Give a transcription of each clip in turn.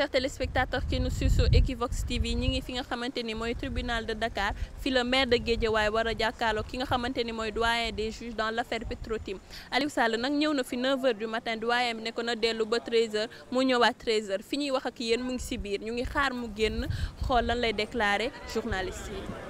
chers téléspectateurs qui nous suivent sur Equivox TV ñi ngi fi nga xamante ni mooy tribunal de Dakar fi le maire de Guédiawaye war a jàkkaaloo ki nga xamante ni mooy doyen des juges dans l'affaire Petrotim Aliou Sall nag ñëw na fi 9h du matin doyen bi ne ko na dellu ba 13h mu ñëwaat 13h fi ñuy wax ak yéen mu ngi si biir ñu ngi xaar mu génn xool lan lay déclarer journaliste yi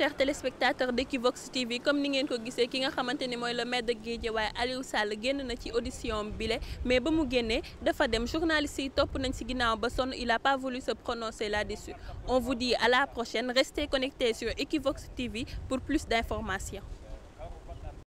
chers téléspectateurs d'Equivox TV comme ni ngeen ko gisee ki nga xamante ni mooy le maire de Guédiawaye Aliou Sall génn na ci audition bile mais ba mu génnee dafa dem journaliste yi topp nañ ci ginnaaw ba sonn il a pas voulu se prononcer là-dessus on vous à la prochaine restez connectés sur Equivox TV pour plus d'informations